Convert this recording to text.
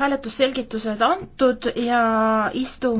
hääletusselgitused antud ja istung